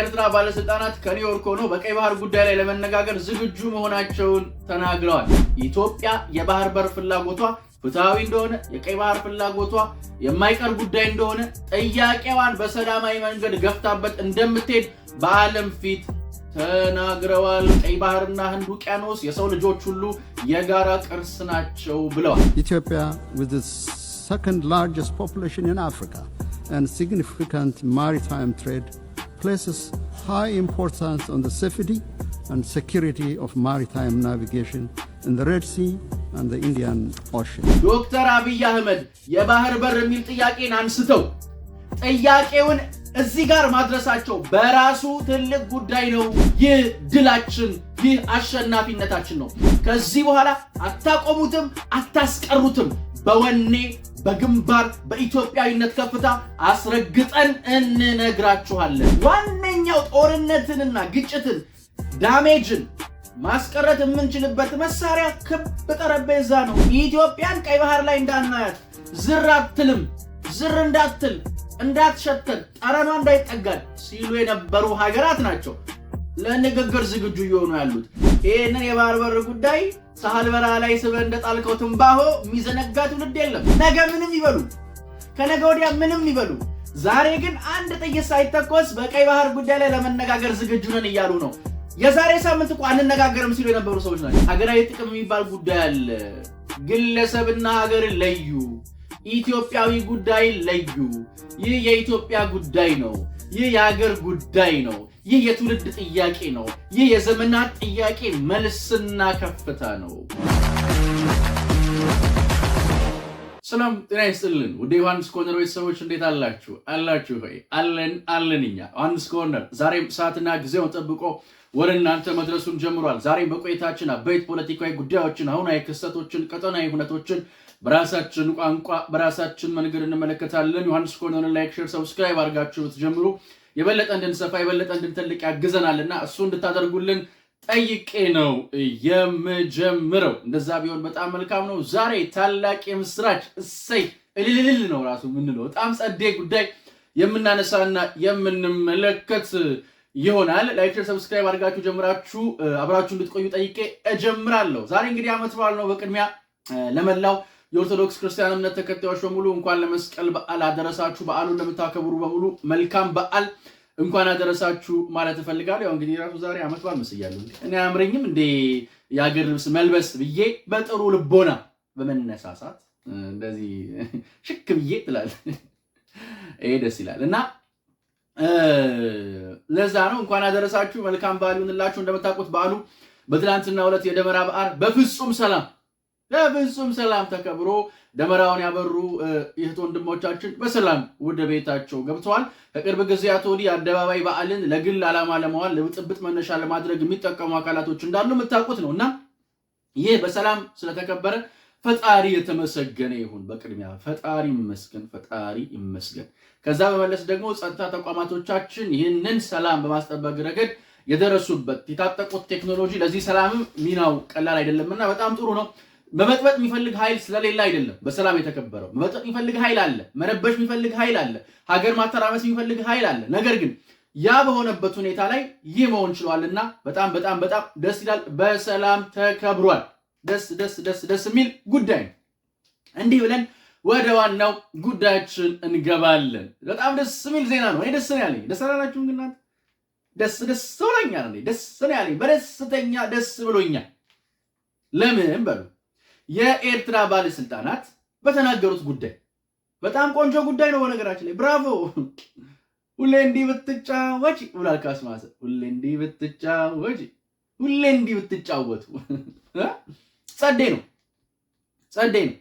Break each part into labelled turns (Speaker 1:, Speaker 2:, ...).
Speaker 1: ኤርትራ ባለስልጣናት ከኒውዮርክ ሆነው በቀይ ባህር ጉዳይ ላይ ለመነጋገር ዝግጁ መሆናቸውን ተናግረዋል። ኢትዮጵያ የባህር በር ፍላጎቷ ፍትሐዊ እንደሆነ የቀይ ባህር ፍላጎቷ የማይቀር ጉዳይ እንደሆነ ጥያቄዋን በሰላማዊ መንገድ ገፍታበት እንደምትሄድ በዓለም ፊት ተናግረዋል። ቀይ ባህርና ህንድ ውቅያኖስ የሰው ልጆች ሁሉ የጋራ ቅርስ ናቸው ብለዋል።
Speaker 2: ኢትዮጵያ with the second largest population in Africa and places high importance on the safety and security of maritime navigation in the Red Sea and the Indian Ocean።
Speaker 1: ዶክተር አብይ አህመድ የባህር በር የሚል ጥያቄን አንስተው ጥያቄውን እዚህ ጋር ማድረሳቸው በራሱ ትልቅ ጉዳይ ነው። ይህ ድላችን፣ ይህ አሸናፊነታችን ነው። ከዚህ በኋላ አታቆሙትም፣ አታስቀሩትም። በወኔ በግንባር በኢትዮጵያዊነት ከፍታ አስረግጠን እንነግራችኋለን። ዋነኛው ጦርነትንና ግጭትን ዳሜጅን ማስቀረት የምንችልበት መሳሪያ ክብ ጠረጴዛ ነው። ኢትዮጵያን ቀይ ባህር ላይ እንዳናያት ዝር አትልም፣ ዝር እንዳትል እንዳትሸተን፣ ጠረኗ እንዳይጠጋል ሲሉ የነበሩ ሀገራት ናቸው ለንግግር ዝግጁ እየሆኑ ያሉት። ይህንን የባህር በር ጉዳይ ሳህል በረሃ ላይ ስበ እንደ ጣልቀው ትንባሆ የሚዘነጋ ትውልድ የለም። ነገ ምንም ይበሉ፣ ከነገ ወዲያ ምንም ይበሉ፣ ዛሬ ግን አንድ ጥይት ሳይተኮስ በቀይ ባህር ጉዳይ ላይ ለመነጋገር ዝግጁ ነን እያሉ ነው። የዛሬ ሳምንት እኮ አንነጋገርም ሲሉ የነበሩ ሰዎች ናቸው። ሀገራዊ ጥቅም የሚባል ጉዳይ አለ። ግለሰብና ሀገር ለዩ፣ ኢትዮጵያዊ ጉዳይ ለዩ። ይህ የኢትዮጵያ ጉዳይ ነው። ይህ የሀገር ጉዳይ ነው። ይህ የትውልድ ጥያቄ ነው። ይህ የዘመናት ጥያቄ መልስና ከፍታ ነው። ሰላም ጤና ይስጥልን። ወደ ዮሐንስ ኮርነር ቤተሰቦች እንዴት አላችሁ? አላችሁ ሆይ አለን አለን። እኛ ዮሐንስ ኮርነር ዛሬም ሰዓትና ጊዜውን ጠብቆ ወደ እናንተ መድረሱን ጀምሯል። ዛሬም በቆይታችን አበይት ፖለቲካዊ ጉዳዮችን፣ አሁናዊ ክስተቶችን፣ ቀጠናዊ ሁነቶችን በራሳችን ቋንቋ በራሳችን መንገድ እንመለከታለን። ዮሐንስ ኮርነርን ላይክ፣ ሼር፣ ሰብስክራይብ አድርጋችሁ ብትጀምሩ የበለጠ እንድንሰፋ የበለጠ እንድንተልቅ ያግዘናልና እሱ እንድታደርጉልን ጠይቄ ነው የምጀምረው። እንደዛ ቢሆን በጣም መልካም ነው። ዛሬ ታላቅ የምስራች እሰይ እልልልል ነው ራሱ የምንለው በጣም ጸዴ ጉዳይ የምናነሳና የምንመለከት ይሆናል። ላይክ፣ ሰብስክራይብ አድርጋችሁ ጀምራችሁ አብራችሁ እንድትቆዩ ጠይቄ እጀምራለሁ። ዛሬ እንግዲህ ዓመት በዓል ነው። በቅድሚያ ለመላው የኦርቶዶክስ ክርስቲያን እምነት ተከታዮች በሙሉ እንኳን ለመስቀል በዓል አደረሳችሁ። በዓሉን ለምታከብሩ በሙሉ መልካም በዓል እንኳን አደረሳችሁ ማለት እፈልጋለሁ። ያው እንግዲህ ራሱ ዛሬ ዓመት በዓል መስያለሁ። እኔ አያምረኝም እንዴ የአገር ልብስ መልበስ ብዬ በጥሩ ልቦና በመነሳሳት እንደዚህ ሽክ ብዬ ትላል። ይሄ ደስ ይላል እና ለዛ ነው እንኳን አደረሳችሁ መልካም በዓል ይሁንላችሁ። እንደምታውቁት በዓሉ በትናንትና ዕለት የደመራ በዓል በፍጹም ሰላም ለብዙም ሰላም ተከብሮ ደመራውን ያበሩ እህት ወንድሞቻችን በሰላም ወደ ቤታቸው ገብተዋል። ከቅርብ ጊዜያት ወዲህ አደባባይ በዓልን ለግል ዓላማ ለመዋል ለብጥብጥ መነሻ ለማድረግ የሚጠቀሙ አካላቶች እንዳሉ የምታውቁት ነው እና ይህ በሰላም ስለተከበረ ፈጣሪ የተመሰገነ ይሁን። በቅድሚያ ፈጣሪ ይመስገን፣ ፈጣሪ ይመስገን። ከዛ በመለስ ደግሞ ጸጥታ ተቋማቶቻችን ይህንን ሰላም በማስጠበቅ ረገድ የደረሱበት የታጠቁት ቴክኖሎጂ ለዚህ ሰላምም ሚናው ቀላል አይደለምና በጣም ጥሩ ነው። መበጥበጥ የሚፈልግ ኃይል ስለሌለ አይደለም በሰላም የተከበረው። መበጥበጥ የሚፈልግ ኃይል አለ፣ መረበሽ የሚፈልግ ኃይል አለ፣ ሀገር ማተራመስ የሚፈልግ ኃይል አለ። ነገር ግን ያ በሆነበት ሁኔታ ላይ ይህ መሆን ችሏልና በጣም በጣም በጣም ደስ ይላል። በሰላም ተከብሯል። ደስ ደስ ደስ ደስ የሚል ጉዳይ ነው። እንዲህ ብለን ወደ ዋናው ጉዳያችን እንገባለን። በጣም ደስ የሚል ዜና ነው። እኔ ደስ ነው ያለኝ። ደስ አላላችሁም? ግን ደስ ደስ ብሎኛል። ደስ ነው ያለኝ። በደስተኛ ደስ ብሎኛል። ለምን በሉ የኤርትራ ባለስልጣናት በተናገሩት ጉዳይ በጣም ቆንጆ ጉዳይ ነው። በነገራችን ላይ ብራቮ። ሁሌ እንዲህ ብትጫወች ብሏል ካስማሰ። ሁሌ እንዲህ ብትጫወች፣ ሁሌ እንዲህ ብትጫወቱ። ጸዴ ነው፣ ጸዴ ነው።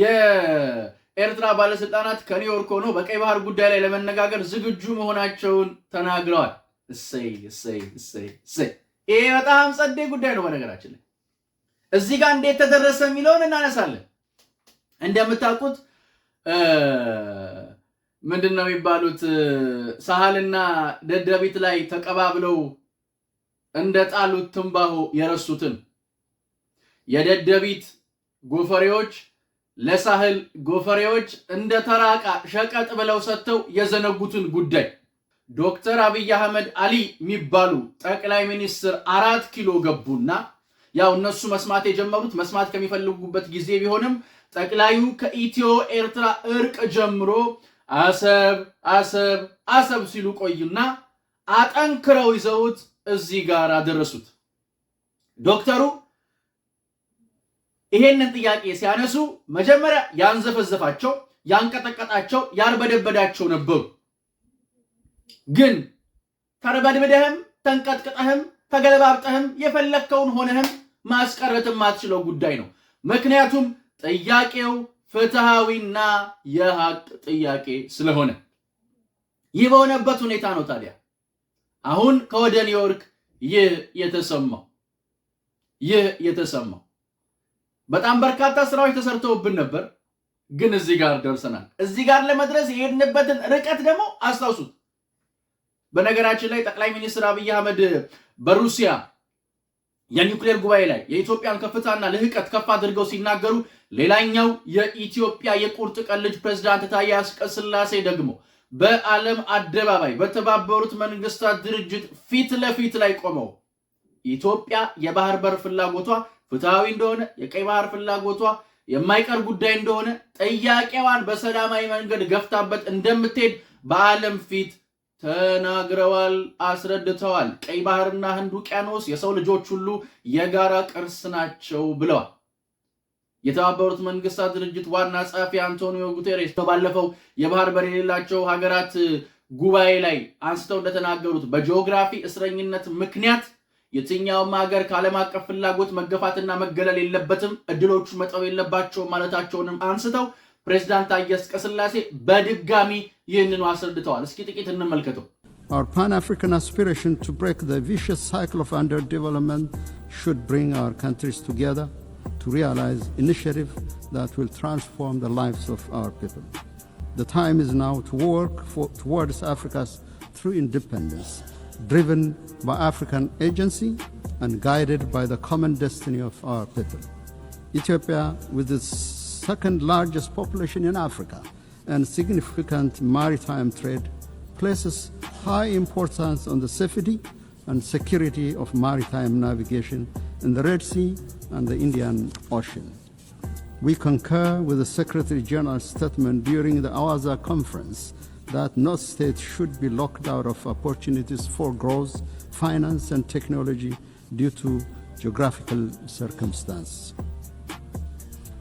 Speaker 1: የኤርትራ ባለስልጣናት ከኒውዮርክ ሆኖ በቀይ ባህር ጉዳይ ላይ ለመነጋገር ዝግጁ መሆናቸውን ተናግረዋል። እሰይ እሰይ እሰይ እሰይ! ይሄ በጣም ጸዴ ጉዳይ ነው በነገራችን ላይ እዚህ ጋር እንዴት ተደረሰ የሚለውን እናነሳለን። እንደምታውቁት ምንድን ነው የሚባሉት ሳህልና ደደቢት ላይ ተቀባብለው እንደጣሉት ትንባሆ የረሱትን የደደቢት ጎፈሬዎች ለሳህል ጎፈሬዎች እንደ ተራቃ ሸቀጥ ብለው ሰጥተው የዘነጉትን ጉዳይ ዶክተር አብይ አህመድ አሊ የሚባሉ ጠቅላይ ሚኒስትር አራት ኪሎ ገቡና ያው እነሱ መስማት የጀመሩት መስማት ከሚፈልጉበት ጊዜ ቢሆንም ጠቅላዩ ከኢትዮ ኤርትራ እርቅ ጀምሮ አሰብ አሰብ አሰብ ሲሉ ቆዩና አጠንክረው ይዘውት እዚህ ጋር አደረሱት። ዶክተሩ ይሄንን ጥያቄ ሲያነሱ መጀመሪያ ያንዘፈዘፋቸው፣ ያንቀጠቀጣቸው፣ ያርበደበዳቸው ነበሩ። ግን ተርበድብደህም ተንቀጥቅጠህም ተገለባብጠህም የፈለግከውን ሆነህም ማስቀረት የማትችለው ጉዳይ ነው። ምክንያቱም ጥያቄው ፍትሐዊና የሀቅ ጥያቄ ስለሆነ ይህ በሆነበት ሁኔታ ነው ታዲያ አሁን ከወደ ኒውዮርክ ይህ የተሰማው ይህ የተሰማው በጣም በርካታ ስራዎች ተሰርተውብን ነበር፣ ግን እዚህ ጋር ደርሰናል። እዚህ ጋር ለመድረስ የሄድንበትን ርቀት ደግሞ አስታውሱት። በነገራችን ላይ ጠቅላይ ሚኒስትር አብይ አህመድ በሩሲያ የኒውክሌር ጉባኤ ላይ የኢትዮጵያን ከፍታና ልህቀት ከፍ አድርገው ሲናገሩ፣ ሌላኛው የኢትዮጵያ የቁርጥ ቀን ልጅ ፕሬዝዳንት ታዬ አጽቀሥላሴ ደግሞ በዓለም አደባባይ በተባበሩት መንግስታት ድርጅት ፊት ለፊት ላይ ቆመው ኢትዮጵያ የባህር በር ፍላጎቷ ፍትሐዊ እንደሆነ የቀይ ባህር ፍላጎቷ የማይቀር ጉዳይ እንደሆነ ጥያቄዋን በሰላማዊ መንገድ ገፍታበት እንደምትሄድ በዓለም ፊት ተናግረዋል፣ አስረድተዋል። ቀይ ባህርና ህንድ ውቅያኖስ የሰው ልጆች ሁሉ የጋራ ቅርስ ናቸው ብለዋል። የተባበሩት መንግስታት ድርጅት ዋና ጸሐፊ አንቶኒዮ ጉቴሬስ ባለፈው የባህር በር የሌላቸው ሀገራት ጉባኤ ላይ አንስተው እንደተናገሩት በጂኦግራፊ እስረኝነት ምክንያት የትኛውም ሀገር ከዓለም አቀፍ ፍላጎት መገፋትና መገለል የለበትም፣ እድሎቹ መጠው የለባቸውም ማለታቸውንም አንስተው ፕሬዚዳንት ታዬ አጽቀሥላሴ በድጋሚ ይህንኑ አስረድተዋል። እስኪ ጥቂት እንመልከተው።
Speaker 2: Our Pan-African aspiration to break the vicious cycle of underdevelopment should bring our countries together to realize initiatives that will transform the lives of our people. The time is now to work for, towards Africa's true independence, driven by African agency and guided by the common destiny of our people. Ethiopia, with its second largest population in Africa and significant maritime trade, places high importance on the safety and security of maritime navigation in the Red Sea and the Indian Ocean. We concur with the Secretary General's statement during the AWASA conference that no state should be locked out of opportunities for growth, finance, and technology due to geographical circumstances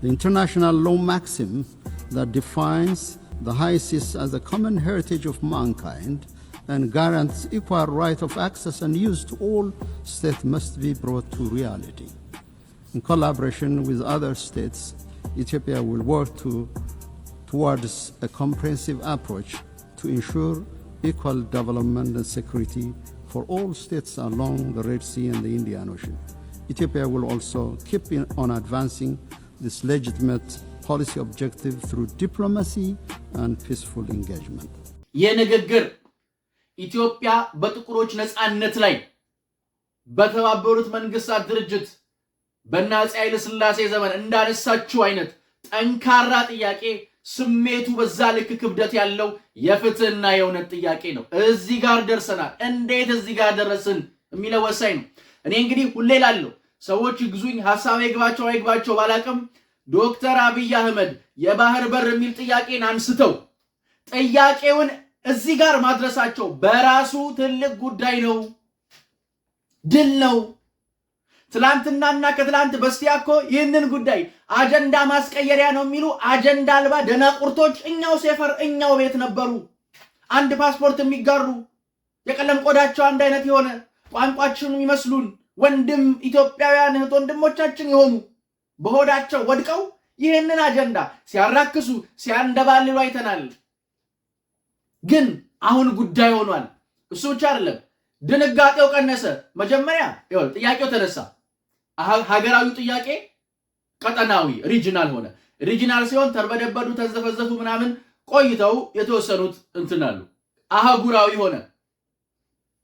Speaker 2: the international law maxim that defines the high seas as a common heritage of mankind and guarantees equal right of access and use to all states must be brought to reality. In collaboration with other states, Ethiopia will work to, towards a comprehensive approach to ensure equal development and security for all states along the Red Sea and the Indian Ocean. Ethiopia will also keep on advancing this legitimate policy objective through diplomacy and peaceful engagement።
Speaker 1: ይህ ንግግር ኢትዮጵያ በጥቁሮች ነፃነት ላይ በተባበሩት መንግስታት ድርጅት በእነ አፄ ኃይለ ሥላሴ ዘመን እንዳነሳችው አይነት ጠንካራ ጥያቄ ስሜቱ በዛ ልክ ክብደት ያለው የፍትህና የእውነት ጥያቄ ነው። እዚህ ጋር ደርሰናል። እንዴት እዚህ ጋር ደረስን የሚለው ወሳኝ ነው። እኔ እንግዲህ ሁሌ ላለሁ ሰዎች ግዙኝ ሀሳብ አይግባቸው አይግባቸው ባላቅም ዶክተር አብይ አህመድ የባህር በር የሚል ጥያቄን አንስተው ጥያቄውን እዚህ ጋር ማድረሳቸው በራሱ ትልቅ ጉዳይ ነው፣ ድል ነው። ትላንትናና ከትላንት በስቲያ እኮ ይህንን ጉዳይ አጀንዳ ማስቀየሪያ ነው የሚሉ አጀንዳ አልባ ደናቁርቶች እኛው ሴፈር እኛው ቤት ነበሩ። አንድ ፓስፖርት የሚጋሩ የቀለም ቆዳቸው አንድ አይነት የሆነ ቋንቋችን የሚመስሉን ወንድም ኢትዮጵያውያን እህት ወንድሞቻችን የሆኑ በሆዳቸው ወድቀው ይህንን አጀንዳ ሲያራክሱ ሲያንደባልሉ አይተናል። ግን አሁን ጉዳይ ሆኗል። እሱ ብቻ አይደለም፣ ድንጋጤው ቀነሰ። መጀመሪያ ጥያቄው ተነሳ። ሀገራዊ ጥያቄ ቀጠናዊ ሪጂናል ሆነ። ሪጂናል ሲሆን ተርበደበዱ፣ ተዘፈዘፉ፣ ምናምን ቆይተው የተወሰኑት እንትናሉ አህጉራዊ ሆነ።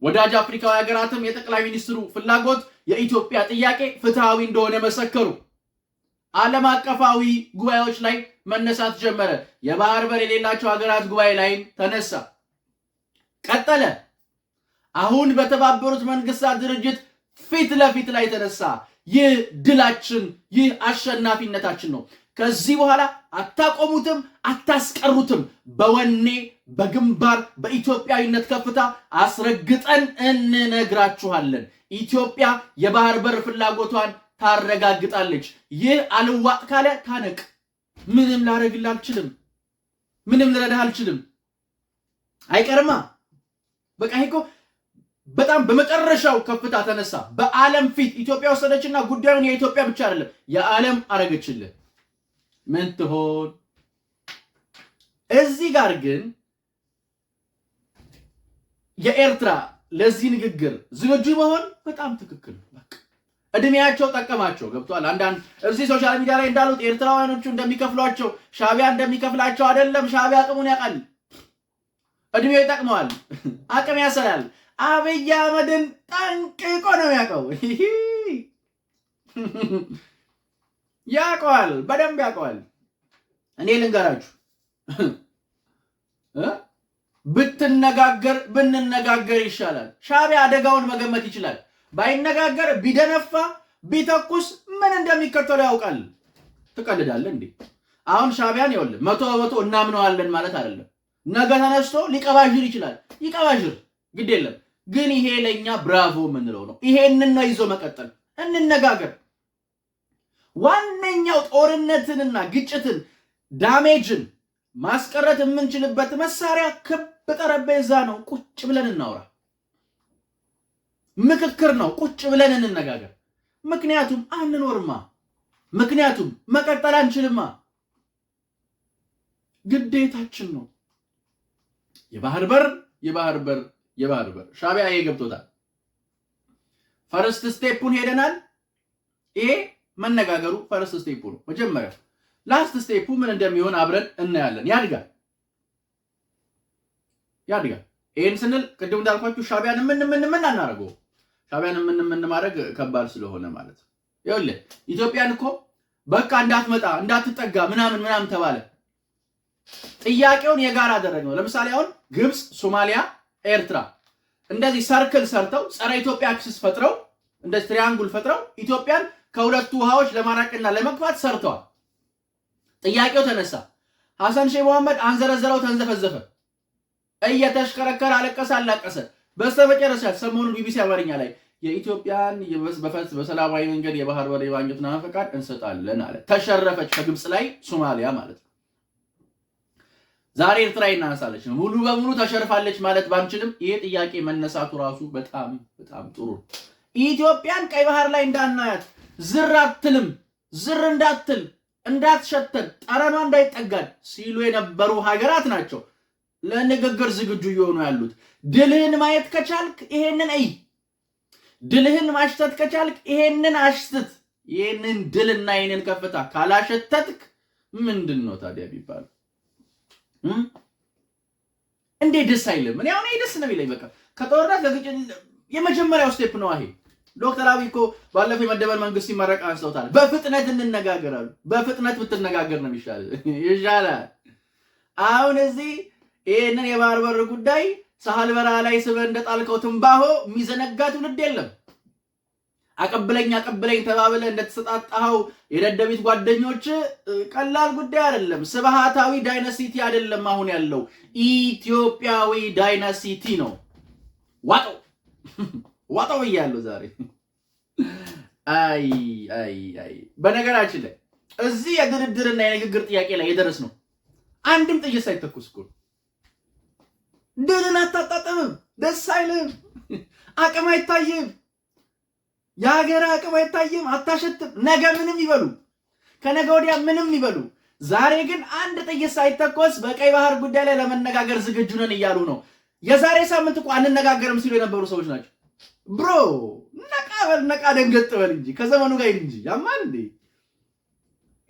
Speaker 1: ወዳጅ አፍሪካዊ ሀገራትም የጠቅላይ ሚኒስትሩ ፍላጎት የኢትዮጵያ ጥያቄ ፍትሐዊ እንደሆነ መሰከሩ። ዓለም አቀፋዊ ጉባኤዎች ላይ መነሳት ጀመረ። የባህር በር የሌላቸው ሀገራት ጉባኤ ላይም ተነሳ። ቀጠለ። አሁን በተባበሩት መንግስታት ድርጅት ፊት ለፊት ላይ ተነሳ። ይህ ድላችን፣ ይህ አሸናፊነታችን ነው። ከዚህ በኋላ አታቆሙትም፣ አታስቀሩትም። በወኔ በግንባር በኢትዮጵያዊነት ከፍታ አስረግጠን እንነግራችኋለን። ኢትዮጵያ የባህር በር ፍላጎቷን ታረጋግጣለች። ይህ አልዋጥ ካለ ታነቅ። ምንም ላደርግልህ አልችልም፣ ምንም ልረዳህ አልችልም። አይቀርማ በቃ ይሄ እኮ በጣም በመጨረሻው ከፍታ ተነሳ። በዓለም ፊት ኢትዮጵያ ወሰደችና ጉዳዩን የኢትዮጵያ ብቻ አይደለም የዓለም አረገችልህ። ምን ትሆን? እዚህ ጋር ግን የኤርትራ ለዚህ ንግግር ዝግጁ መሆን በጣም ትክክል ነው። እድሜያቸው ጠቀማቸው። ገብቷል። አንዳንድ እዚህ ሶሻል ሚዲያ ላይ እንዳሉት ኤርትራውያኖቹ እንደሚከፍሏቸው ሻቢያ እንደሚከፍላቸው አይደለም። ሻቢያ አቅሙን ያውቃል። እድሜው ይጠቅመዋል፣ አቅም ያሰላል። አብይ አህመድን ጠንቅቆ ነው ያውቀው፣ ያውቀዋል፣ በደንብ ያውቀዋል። እኔ ልንገራችሁ ብትነጋገር ብንነጋገር ይሻላል። ሻቢያ አደጋውን መገመት ይችላል። ባይነጋገር ቢደነፋ ቢተኩስ ምን እንደሚከተለው ያውቃል። ትቀልዳለህ እንዴ? አሁን ሻቢያን ይኸውልህ መቶ በመቶ እናምነዋለን ማለት አይደለም። ነገ ተነስቶ ሊቀባዥር ይችላል። ይቀባዥር ግድ የለም ግን ይሄ ለእኛ ብራቮ የምንለው ነው። ይሄንን ነው ይዞ መቀጠል። እንነጋገር። ዋነኛው ጦርነትንና ግጭትን ዳሜጅን ማስቀረት የምንችልበት መሳሪያ ክብ ጠረጴዛ ነው። ቁጭ ብለን እናውራ። ምክክር ነው። ቁጭ ብለን እንነጋገር። ምክንያቱም አንኖርማ፣ ምክንያቱም መቀጠል አንችልማ። ግዴታችን ነው። የባህር በር የባህር በር የባህር በር ሻቢያ ይሄ ገብቶታል። ፈርስት ስቴፑን ሄደናል። ይሄ መነጋገሩ ፈርስት ስቴፑ ነው። መጀመሪያ ላስት ስቴፑ ምን እንደሚሆን አብረን እናያለን። ያድጋል ያድጋል። ይህን ስንል ቅድም እንዳልኳችሁ ሻቢያን ምን ምን ምን አናደርገው ምን ምን ማድረግ ከባድ ስለሆነ ማለት ነው። ይኸውልህ ኢትዮጵያን እኮ በቃ እንዳትመጣ እንዳትጠጋ ምናምን ምናምን ተባለ። ጥያቄውን የጋራ አደረግነው። ለምሳሌ አሁን ግብፅ፣ ሶማሊያ፣ ኤርትራ እንደዚህ ሰርክል ሰርተው ጸረ ኢትዮጵያ አክሲስ ፈጥረው እንደዚህ ትሪያንጉል ፈጥረው ኢትዮጵያን ከሁለቱ ውሃዎች ለማራቅና ለመግፋት ሰርተዋል። ጥያቄው ተነሳ። ሐሰን ሼህ መሐመድ አንዘረዘረው፣ ተንዘፈዘፈ፣ እየተሽከረከረ አለቀሰ፣ አላቀሰ በስተመጨረሻ ሰሞኑን ቢቢሲ አማርኛ ላይ የኢትዮጵያን በሰላማዊ መንገድ የባህር በር የማግኘትና ፈቃድ እንሰጣለን አለ። ተሸረፈች ከግብፅ ላይ ሶማሊያ ማለት ነው። ዛሬ ኤርትራ እናነሳለች ነው። ሙሉ በሙሉ ተሸርፋለች ማለት ባንችልም ይሄ ጥያቄ መነሳቱ ራሱ በጣም በጣም ጥሩ ነው። ኢትዮጵያን ቀይ ባህር ላይ እንዳናያት ዝር አትልም፣ ዝር እንዳትል እንዳትሸተን፣ ጠረኗ እንዳይጠጋን ሲሉ የነበሩ ሀገራት ናቸው ለንግግር ዝግጁ እየሆኑ ያሉት። ድልህን ማየት ከቻልክ ይሄንን እይ። ድልህን ማሽተት ከቻልክ ይሄንን አሽትት። ይህንን ድልና ይህንን ከፍታ ካላሸተትክ ምንድን ነው ታዲያ ቢባል እንዴ ደስ አይልም? እኔ አሁን ደስ ነው ይለኝ። በቃ ከጦርነት ከግጭት የመጀመሪያው ስቴፕ ነው ይሄ። ዶክተር አብይ እኮ ባለፈው መንግስት ሲመረቅ አንስተውታል። በፍጥነት እንነጋገራሉ። በፍጥነት ብትነጋገር ነው ይሻላል። አሁን እዚህ ይህንን የባህር በር ጉዳይ ሳህል በረሃ ላይ ስበህ እንደጣልከው ትንባሆ የሚዘነጋ ትውልድ የለም። አቀብለኝ አቀብለኝ ተባብለ እንደተሰጣጣኸው የደደቢት ጓደኞች ቀላል ጉዳይ አይደለም። ስብሃታዊ ዳይነሲቲ አይደለም። አሁን ያለው ኢትዮጵያዊ ዳይነሲቲ ነው። ዋጠው ዋጠው ብያለሁ ዛሬ። አይ አይ አይ። በነገራችን ላይ እዚህ የድርድርና የንግግር ጥያቄ ላይ የደረስ ነው አንድም ጥይት ሳይተኩስ እኮ ድልን አታጣጥምም፣ ደስ አይልም፣ አቅም አይታይም፣ የሀገር አቅም አይታይም፣ አታሸትም። ነገ ምንም ይበሉ፣ ከነገ ወዲያ ምንም ይበሉ፣ ዛሬ ግን አንድ ጥይት ሳይተኮስ በቀይ ባህር ጉዳይ ላይ ለመነጋገር ዝግጁ ነን እያሉ ነው። የዛሬ ሳምንት እኮ አንነጋገርም ሲሉ የነበሩ ሰዎች ናቸው። ብሮ ነቃ በል ነቃ ደንገጥ በል እንጂ ከዘመኑ ጋር እንጂ ያማል እንዴ!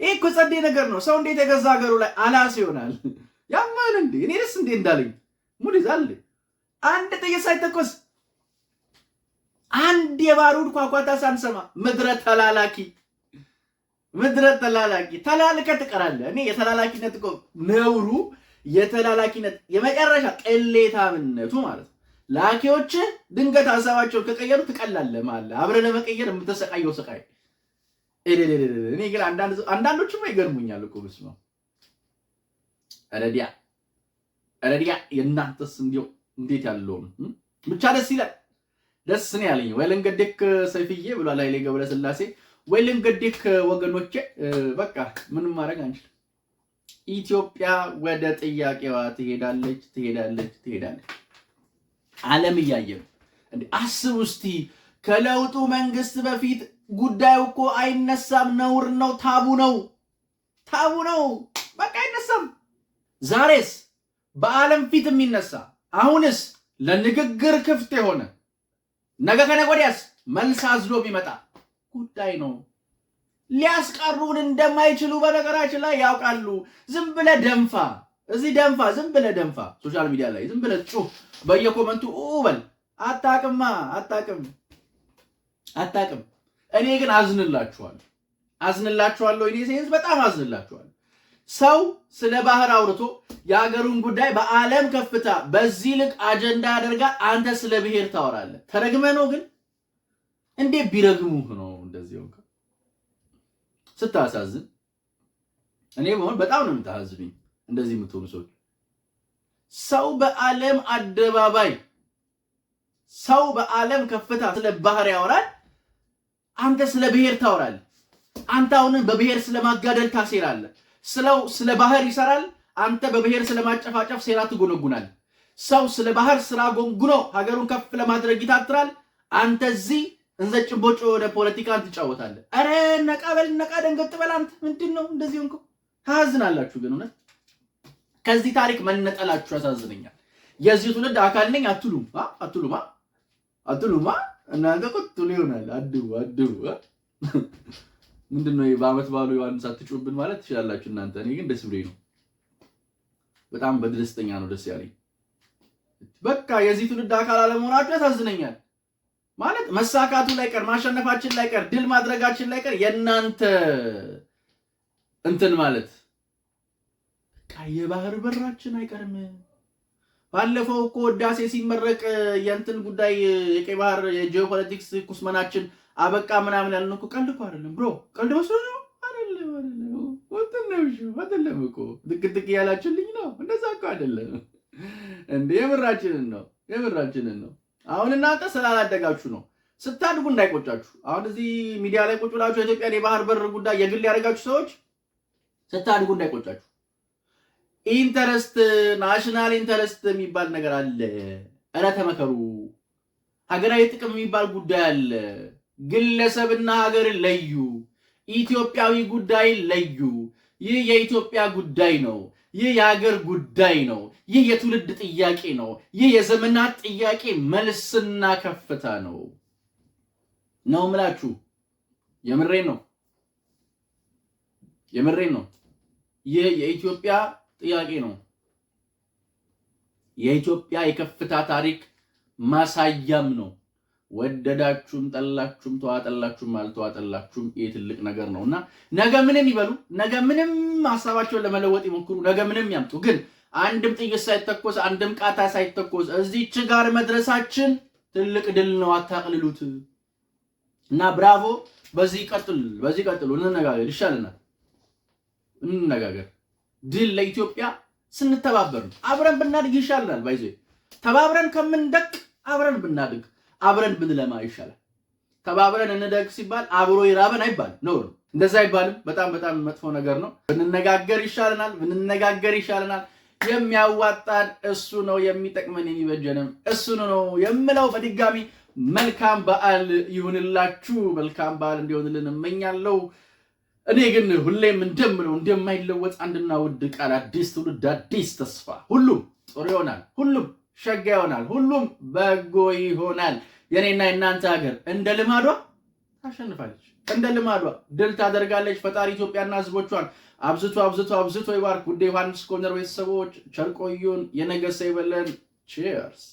Speaker 1: ይህ እኮ ጸዴ ነገር ነው። ሰው እንዴት የገዛ ሀገሩ ላይ አላስ ይሆናል? ያማል እንዴ! እኔ ደስ እንዴ እንዳለኝ ሙድ ይዛል። አንድ ጥይት ሳይተኮስ አንድ የባሩድ ኳኳታ ሳንሰማ ምድረ ተላላኪ ምድረ ተላላኪ ተላልከ ትቀራለህ። እኔ የተላላኪነት እኮ ነውሩ የተላላኪነት የመጨረሻ ቅሌታምነቱ ማለት ነው። ላኪዎች ድንገት ሀሳባቸውን ከቀየሩ ትቀላለህ ማለት አብረህ ለመቀየር የምትሰቃየው ስቃይ። እኔ ግን አንዳንዶችማ ይገርሙኛል እኮ ብስማ ረዲያ ረዲያ የእናንተስ እንዲው እንዴት ያለውን ብቻ ደስ ይላል። ደስ ነው ያለኝ። ወይልንገዴክ ሰይፍዬ ብሏል ኃይሌ ገብረስላሴ። ወይልንገዴክ ወገኖቼ፣ በቃ ምንም ማድረግ አንችልም። ኢትዮጵያ ወደ ጥያቄዋ ትሄዳለች፣ ትሄዳለች፣ ትሄዳለች። ዓለም እያየ ነው። አስብ ውስቲ ከለውጡ መንግስት በፊት ጉዳዩ እኮ አይነሳም፣ ነውር ነው፣ ታቡ ነው፣ ታቡ ነው። በቃ አይነሳም። ዛሬስ በዓለም ፊት የሚነሳ አሁንስ ለንግግር ክፍት የሆነ ነገ ከነገ ወዲያስ መልስ አዝሎ ቢመጣ ጉዳይ ነው። ሊያስቀሩን እንደማይችሉ በነገራችን ላይ ያውቃሉ። ዝም ብለ ደንፋ፣ እዚህ ደንፋ፣ ዝም ብለ ደንፋ፣ ሶሻል ሚዲያ ላይ ዝም ብለ ጩህ፣ በየኮመንቱ በል። አታቅማ፣ አታቅም፣ አታቅም። እኔ ግን አዝንላችኋል፣ አዝንላችኋለሁ። ይኔ ሴንስ በጣም አዝንላችኋል። ሰው ስለ ባህር አውርቶ የአገሩን ጉዳይ በዓለም ከፍታ በዚህ ልቅ አጀንዳ አደርጋ አንተ ስለ ብሔር ታወራለ። ተረግመ ነው ግን እንዴት ቢረግሙህ ነው እንደዚህ? ስታሳዝን እኔ በሆን በጣም ነው የምታሳዝብኝ እንደዚህ የምትሆኑ ሰዎች። ሰው በዓለም አደባባይ ሰው በዓለም ከፍታ ስለ ባህር ያወራል። አንተ ስለ ብሔር ታወራለህ። አንተ አሁንም በብሔር ስለማጋደል ታሴራለህ። ስለው ስለ ባህር ይሰራል። አንተ በብሔር ስለማጨፋጨፍ ሴራ ትጎነጉናል። ሰው ስለ ባህር ስራ ጎንጉኖ ሀገሩን ከፍ ለማድረግ ይታትራል። አንተ እዚህ እንዘ ጭቦጮ ወደ ፖለቲካን ትጫወታለህ። ኧረ ነቃ በል ነቃ፣ ደንገጥ በል አንተ። ምንድን ነው እንደዚህ እንኮ ታዝናላችሁ። ግን እውነት ከዚህ ታሪክ መነጠላችሁ ያሳዝነኛል። የዚህ ትውልድ አካል ነኝ አትሉም አትሉም አትሉም። እናንተ ቁጥሉ ይሆናል። አድቡ አድቡ ምንድን ነው በአመት በዓሉ ዮሐንስ አትጩብን ማለት ትችላላችሁ እናንተ። እኔ ግን ደስ ብሎኝ ነው፣ በጣም በደስተኛ ነው ደስ ያለኝ። በቃ የዚህ ትውልድ አካል አለመሆናችሁ ያሳዝነኛል። ማለት መሳካቱ ላይ ቀር ማሸነፋችን ላይ ቀር ድል ማድረጋችን ላይ ቀር የእናንተ እንትን ማለት በቃ የባህር በራችን አይቀርም። ባለፈው እኮ ህዳሴ ሲመረቅ የእንትን ጉዳይ የቀይ ባህር የጂኦፖለቲክስ ኩስመናችን አበቃ ምናምን ያልን እኮ ቀልድ እኮ አይደለም ብሮ፣ ቀልድ መስሎ ነው አይደለም። አይደለም አይደለም እኮ ድቅድቅ እያላችሁልኝ ነው። እንደዛ እኮ አይደለም እንደ የምራችንን ነው የምራችንን ነው። አሁን እናንተ ስላላደጋችሁ ነው። ስታድጉ እንዳይቆጫችሁ። አሁን እዚህ ሚዲያ ላይ ቁጭ ብላችሁ የኢትዮጵያን የባህር በር ጉዳይ የግል ያደረጋችሁ ሰዎች ስታድጉ እንዳይቆጫችሁ። ኢንተረስት ናሽናል ኢንተረስት የሚባል ነገር አለ። እረ ተመከሩ። ሀገራዊ ጥቅም የሚባል ጉዳይ አለ። ግለሰብና ሀገር ለዩ። ኢትዮጵያዊ ጉዳይ ለዩ። ይህ የኢትዮጵያ ጉዳይ ነው። ይህ የሀገር ጉዳይ ነው። ይህ የትውልድ ጥያቄ ነው። ይህ የዘመናት ጥያቄ መልስና ከፍታ ነው ነው ምላችሁ። የምሬ ነው፣ የምሬ ነው። ይህ የኢትዮጵያ ጥያቄ ነው። የኢትዮጵያ የከፍታ ታሪክ ማሳያም ነው። ወደዳችሁም ጠላችሁም ተዋጠላችሁም አልተዋጠላችሁም ይህ ትልቅ ነገር ነው እና ነገ ምንም ይበሉ፣ ነገ ምንም ሀሳባቸውን ለመለወጥ ይሞክሩ፣ ነገ ምንም ያምጡ፣ ግን አንድም ጥይት ሳይተኮስ አንድም ቃታ ሳይተኮስ እዚች ጋር መድረሳችን ትልቅ ድል ነው። አታቅልሉት እና ብራቮ። በዚህ ቀጥል፣ በዚህ ቀጥሉ፣ እንነጋገር ይሻልናል እንነጋገር። ድል ለኢትዮጵያ ስንተባበር አብረን ብናድግ ይሻልናል ባይዞ ተባብረን ከምንደቅ አብረን ብናድግ አብረን ብንለማ ይሻላል። ተባብረን እንደግ ሲባል አብሮ ይራበን አይባል ነው። እንደዛ አይባልም። በጣም በጣም መጥፎ ነገር ነው። ብንነጋገር ይሻለናል፣ ብንነጋገር ይሻለናል። የሚያዋጣን እሱ ነው፣ የሚጠቅመን የሚበጀንም እሱ ነው የምለው። በድጋሚ መልካም በዓል ይሁንላችሁ። መልካም በዓል እንዲሆንልን እመኛለሁ። እኔ ግን ሁሌም እንደምለው እንደማይለወጥ አንድና ውድ ቃል አዲስ ትውልድ፣ አዲስ ተስፋ። ሁሉም ጥሩ ይሆናል። ሁሉም ሸጋ ይሆናል፣ ሁሉም በጎ ይሆናል። የኔና የእናንተ ሀገር እንደ ልማዷ ታሸንፋለች፣ እንደ ልማዷ ድል ታደርጋለች። ፈጣሪ ኢትዮጵያና ህዝቦቿን አብዝቶ አብዝቶ አብዝቶ ይባርክ። ውድ ዮሐንስ ኮርነር ቤተሰቦች ቸርቆዩን የነገሰ ይበለን። ቺርስ